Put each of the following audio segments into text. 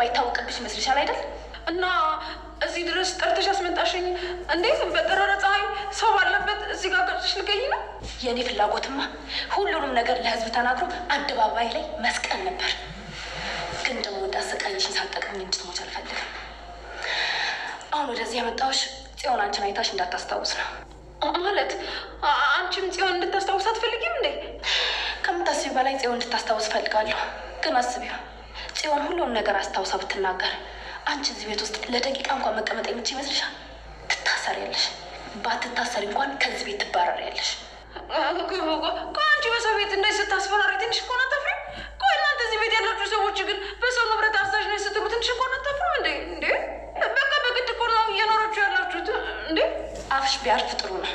የማይታወቅብሽ ይመስልሻል አይደል? እና እዚህ ድረስ ጠርተሽ አስመጣሽኝ። እንዴት በጠረረ ፀሐይ ሰው ባለበት እዚህ ጋር ቀርተሽ ልገኝ ነው? የእኔ ፍላጎትማ ሁሉንም ነገር ለህዝብ ተናግሮ አደባባይ ላይ መስቀል ነበር። ግን ደግሞ እንዳሰቃይሽን ሳጠቅምኝ እንድትሞች አልፈልግም። አሁን ወደዚህ ያመጣሁሽ ጽዮን አንቺን አይታሽ እንዳታስታውስ ነው። ማለት አንቺም ጽዮን እንድታስታውስ አትፈልጊም እንዴ? ከምታስቢ በላይ ጽዮን እንድታስታውስ እፈልጋለሁ። ግን አስቢው ጽዮን ሁሉን ነገር አስታውሳ ብትናገር አንቺ እዚህ ቤት ውስጥ ለደቂቃ እንኳን መቀመጥ የምች ይመስልሻል? ትታሰሪያለሽ። ባትታሰሪ እንኳን ከዚህ ቤት ትባረሪያለሽ። አንቺ በሰው ቤት እንደዚህ ስታስፈራሪ ትንሽ እኮ ነው አታፍሪም? ቆይ እናንተ እዚህ ቤት ያላችሁ ሰዎች ግን በሰው ንብረት አርሳሽ ነው ስትሉ ትንሽ እኮ ነው አታፍሪም እንዴ? እንዴ በቃ በግድ እኮ ነው እየኖራችሁ ያላችሁት እንዴ? አፍሽ ቢያርፍ ጥሩ ነው።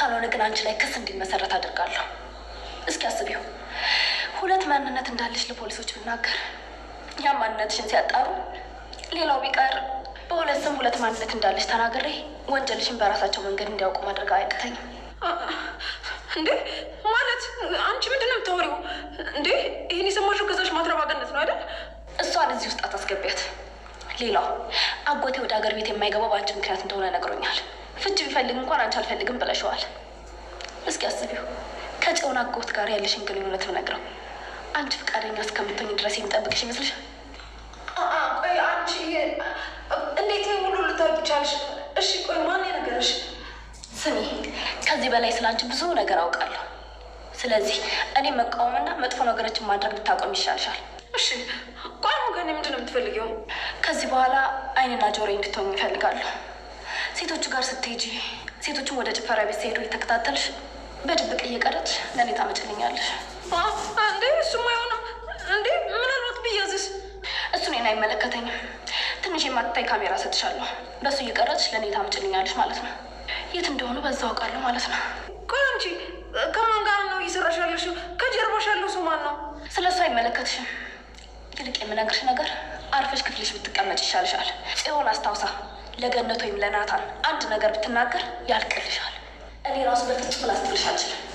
ካልሆነ ግን አንቺ ላይ ክስ እንዲመሰረት አድርጋለሁ። እስኪ አስቢው፣ ሁለት ማንነት እንዳለሽ ለፖሊሶች ብናገር ያ ማንነትሽን ሲያጣሩ ሌላው ቢቀር በሁለት ስም ሁለት ማንነት እንዳለች ተናግሬ ወንጀልሽን በራሳቸው መንገድ እንዲያውቁ ማድረግ አያቅተኝም። እንዴ ማለት አንቺ ምንድን ነው የምታወሪው? እንዴ ይህን የሰማሽው ከዛች ማትረባገነት ነው አይደል? እሷን እዚህ ውስጥ አታስገቢያት። ሌላው አጎቴ ወደ ሀገር ቤት የማይገባው በአንቺ ምክንያት እንደሆነ ነግሮኛል። ፍቺ ቢፈልግ እንኳን አንቺ አልፈልግም ብለሸዋል። እስኪ አስቢው ከጨውን አጎት ጋር ያለሽን ግንኙነት ነግረው አንቺ ፈቃደኛ እስከምትሆኝ ድረስ የሚጠብቅሽ ይመስልሻል? ቆይ አንቺ እንዴት ሙሉ ልታውቂቻለሽ? እሺ ቆይ ማን የነገረሽ? ስሚ፣ ከዚህ በላይ ስለ አንቺ ብዙ ነገር አውቃለሁ። ስለዚህ እኔ መቃወምና መጥፎ ነገሮችን ማድረግ ብታቆም ይሻልሻል። እሺ ቆይ ወገኔ፣ ምንድን ነው የምትፈልጊው? ከዚህ በኋላ አይንና ጆሮ እንድትሆኝ ይፈልጋሉ። ሴቶቹ ጋር ስትሄጂ፣ ሴቶቹን ወደ ጭፈራ ቤት ሲሄዱ የተከታተልሽ በድብቅ እየቀረች ለእኔ ታመጭልኛለሽ። እሱም አይሆንም እንዴ! ምናልባት ብያዝስ? እሱ እኔን አይመለከተኝም። ትንሽ የማትታይ ካሜራ ሰጥሻለሁ። በእሱ እየቀረጽሽ ለእኔ ታምጭልኛለሽ ማለት ነው። የት እንደሆኑ በዛ አውቃለሁ ማለት ነው። ቆይ አንቺ ከማን ጋር ነው እየሰራሽ ያለሽው? ከጀርባሽ ያለው ሰው ማን ነው? ስለ እሱ አይመለከትሽም። ይልቅ የምነግርሽ ነገር አርፈሽ ክፍልሽ ብትቀመጭ ይሻልሻል። ጽዮን አስታውሳ ለገነት ወይም ለናታን አንድ ነገር ብትናገር ያልቅልሻል። እኔ ራሱ በፍጹም ላስትልሽ አልችልም።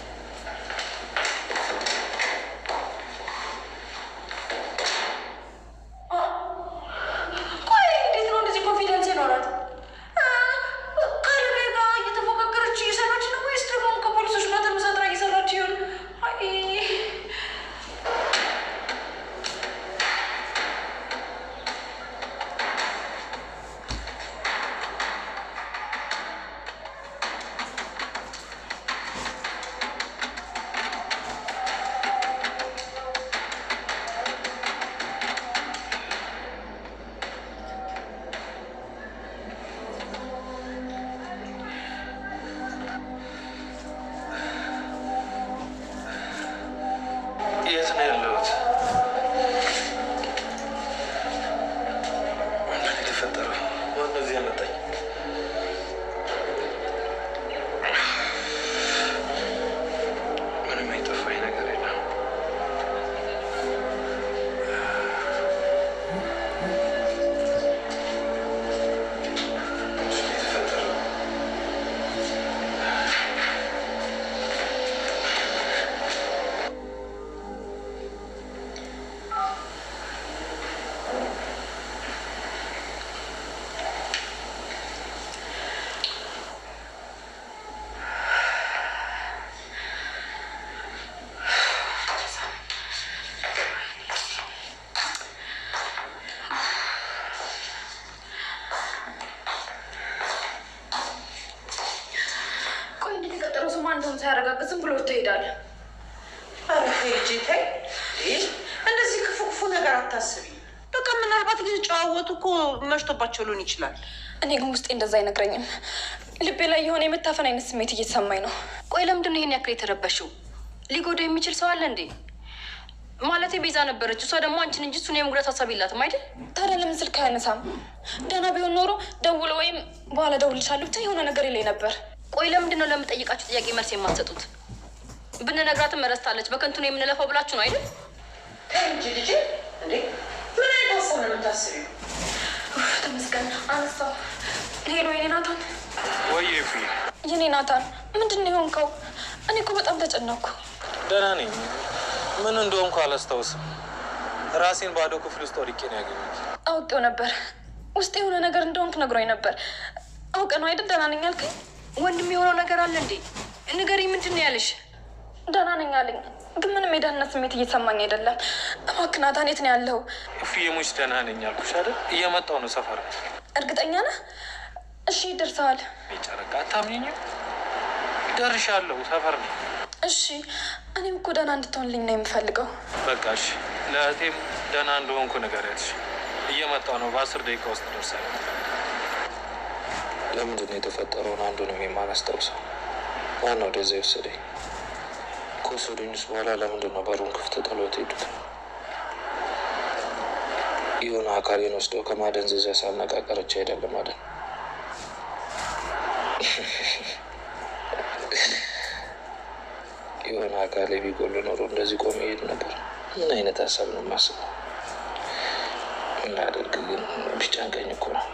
ምናልባት ሊጨዋወቱ እኮ መሽቶባቸው ሊሆን ይችላል። እኔ ግን ውስጤ እንደዛ አይነግረኝም። ልቤ ላይ የሆነ የመታፈን አይነት ስሜት እየተሰማኝ ነው። ቆይ ለምንድን ይህን ያክል የተረበሽው? ሊጎዳ የሚችል ሰው አለ እንዴ? ማለቴ ቤዛ ነበረች። እሷ ደግሞ አንቺን እንጂ እሱን የመጉዳት ሀሳብ የላትም አይደል? ታዲያ ለምን ስልክ አያነሳም? ደህና ቢሆን ኖሮ ደውሎ ወይም በኋላ ደውልልሻለሁ ብቻ የሆነ ነገር ይለኝ ነበር። ቆይ ለምንድን ነው ለምጠይቃችሁ ጥያቄ መልስ የማትሰጡት? ብንነግራትም እረስታለች በከንቱ ነው የምንለፈው ብላችሁ ነው አይደል? ልጅ ልጅ እንዴ ምን አይነት ሰው ነው የምታስቢው? ተመስገን አነሳው። ሄሎ የኔ ናታን፣ ወይ ኤፍሬም፣ የኔ ናታን፣ ምንድን ነው የሆንከው? እኔ እኮ በጣም ተጨነኩ። ደህና ነኝ። ምን እንደሆንኩ አላስታውስም። ራሴን ባዶ ክፍል ውስጥ ወድቄ ነው ያገኘሁት። አውቄው ነበር። ውስጥ የሆነ ነገር እንደሆንክ ነግሮኝ ነበር። አውቀ ነው አይደል? ደህና ነኝ አልከኝ። ወንድም የሆነው ነገር አለ እንዴ? ንገሪኝ፣ ምንድን ነው ያለሽ? ደህና ነኝ አለኝ። ግን ምንም የደህንነት ስሜት እየሰማኝ አይደለም። እባክህ ናታን የት ነው ያለው? ፊየሞች ደህና ነኝ አልኩሽ አይደል? እየመጣሁ ነው። ሰፈር እርግጠኛ ነህ? እሺ ደርሰዋል። ጨረቃ አታምኝም? ደርሻለሁ፣ ሰፈር ነው። እሺ እኔም እኮ ደህና እንድትሆንልኝ ነው የምፈልገው። በቃ እሺ፣ ለእህቴም ደህና እንደሆንኩ ንገሪያት። እየመጣሁ ነው፣ በአስር ደቂቃ ውስጥ ደርሳለሁ። ለምንድን ነው የተፈጠረውን አንዱንም የማላስታውሰው? ነው ወደዚያ የወሰደኝ? ከወሰዱኝስ በኋላ ለምንድን ነው በሩን ክፍት ጥሎት ሄዱት? የሆነ አካሌን ወስደው ከማደንዘዣ ሳነቃቀረች አይደለም ማለት ነው። የሆነ አካሌ ቢጎል ኖሮ እንደዚህ ቆመ ይሄድ ነበር። ምን አይነት ሀሳብ ነው የማስበው? እናደርግ ግን ቢጨንቀኝ እኮ ነው።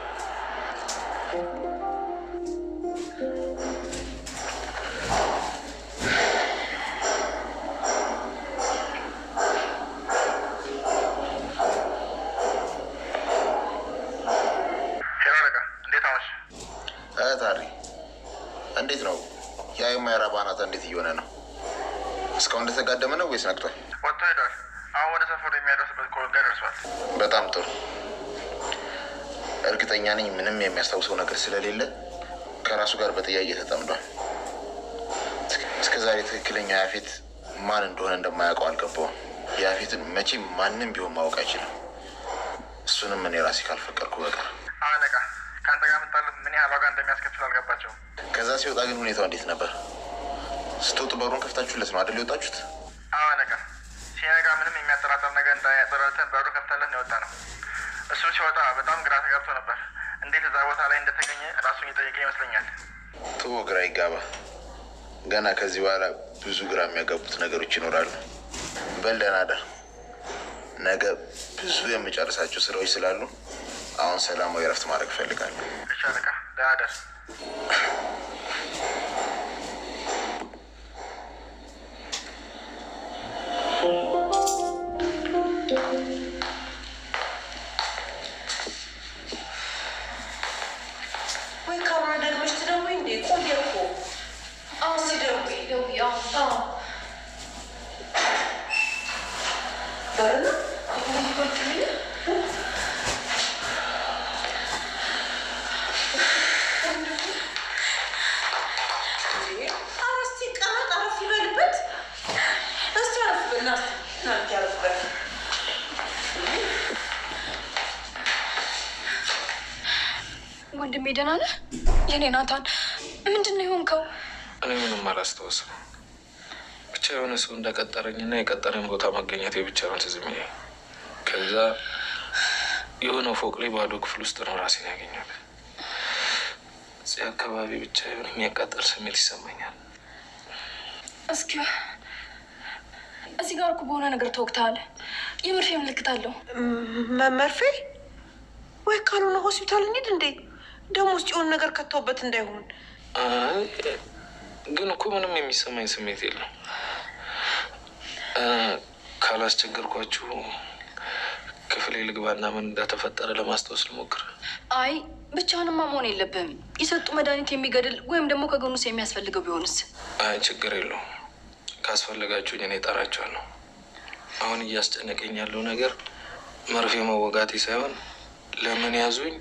ያ የማይራባ ናት እንዴት እየሆነ ነው? እስካሁን እንደተጋደመ ነው ወይስ ነቅቷል? ወጥቶ ሄዷል። አሁን ወደ ሰፈሩ የሚያደርስበት ኮሎንጋር ደርሷል። በጣም ጥሩ። እርግጠኛ ነኝ ምንም የሚያስታውሰው ነገር ስለሌለ ከራሱ ጋር በጥያቄ ተጠምዷል። እስከዛሬ ትክክለኛ ያፌት ማን እንደሆነ እንደማያውቀው አልገባውም። ያፌትን መቼም ማንም ቢሆን ማወቅ አይችልም። እሱንም እኔ ራሴ ካልፈቀድኩ በቃ አለቃ ከአንተ ጋር መጣለት ምን ያህል ዋጋ እንደሚያስከፍል አልገባቸውም። ከዛ ሲወጣ ግን ሁኔታው እንዴት ነበር? ስትወጡ በሩን ከፍታችሁለት ነው አደል የወጣችሁት? አዎ ነጋ ሲነጋ ምንም የሚያጠራጠር ነገር እንዳያጠራተን በሩን ከፍታለን የወጣ ነው። እሱ ሲወጣ በጣም ግራ ተጋብቶ ነበር። እንዴት እዛ ቦታ ላይ እንደተገኘ ራሱን የጠየቀ ይመስለኛል። ቶ ግራ ይጋባ። ገና ከዚህ በኋላ ብዙ ግራ የሚያጋቡት ነገሮች ይኖራሉ። በል ደህና ደር። ነገ ብዙ የምጨርሳቸው ስራዎች ስላሉ አሁን ሰላማዊ እረፍት ማድረግ እፈልጋለሁ። ደህና ነህ? የኔ ናታን ምንድን ነው የሆንከው? እኔ ምንም አላስታውስም። ብቻ የሆነ ሰው እንደቀጠረኝ እና የቀጠረኝ ቦታ መገኘት ብቻ ነው ትዝ የሚለኝ። ከዛ የሆነ ፎቅ ላይ ባዶ ክፍል ውስጥ ነው ራሴን ያገኘሁት። እዚህ አካባቢ ብቻ የሆነ የሚያቃጠል ስሜት ይሰማኛል። እስኪ እዚህ ጋር እኮ በሆነ ነገር ተወቅተሃል። የመርፌ ምልክት አለው። መመርፌ ወይ ካልሆነ ሆስፒታል እንሂድ እንዴ? ደግሞ ውስጥ የሆነ ነገር ከተውበት እንዳይሆን። ግን እኮ ምንም የሚሰማኝ ስሜት የለም። ካላስቸገርኳችሁ ክፍሌ ልግባና ምን እንደተፈጠረ ለማስታወስ ልሞክር። አይ ብቻህንማ መሆን የለብህም። የሰጡ መድኃኒት የሚገድል ወይም ደግሞ ከገኑስ የሚያስፈልገው ቢሆንስ? አይ ችግር የለውም። ካስፈለጋችሁኝ እኔ እጠራቸዋለሁ። አሁን እያስጨነቀኝ ያለው ነገር መርፌ መወጋቴ ሳይሆን ለምን ያዙኝ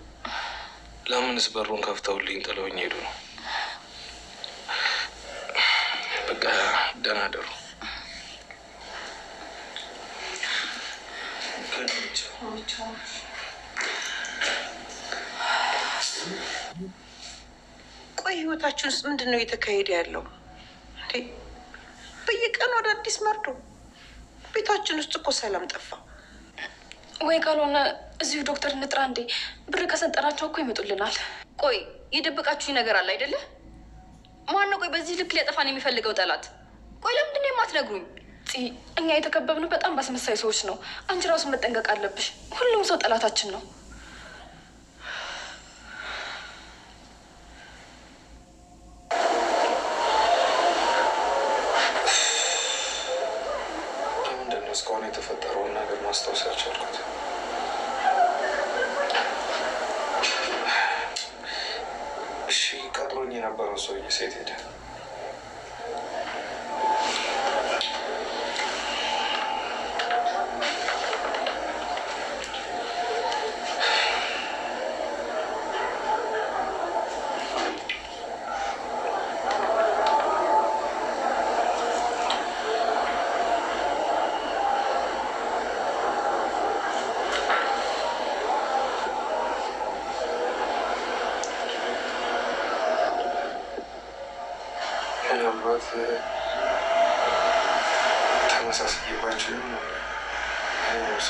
ለምንስ በሩን ከፍተውልኝ ጥለውኝ ሄዱ ነው። በቃ ደህና ደሩ። ቆይ ህይወታችን ውስጥ ምንድን ነው እየተካሄደ ያለው? በየቀኑ አዳዲስ መርዶ። ቤታችን ውስጥ እኮ ሰላም ጠፋ። ወይ ካልሆነ እዚሁ ዶክተር እንጥራ እንዴ። ብር ከሰጠናቸው እኮ ይመጡልናል። ቆይ የደበቃችሁ ነገር አለ አይደለ? ማነው ቆይ በዚህ ልክ ሊያጠፋን የሚፈልገው ጠላት? ቆይ ለምንድን ነው የማትነግሩኝ? እኛ የተከበብነው በጣም ባስመሳይ ሰዎች ነው። አንቺ ራሱ መጠንቀቅ አለብሽ። ሁሉም ሰው ጠላታችን ነው። አሁን የተፈጠረውን ነገር ማስታወስ ያልቻልኩት እሺ ቀጥሮኝ የነበረው ሰውዬ ሴት ሄደ ተመሳሳይ ተመሳስዬባቸው ይሆናል።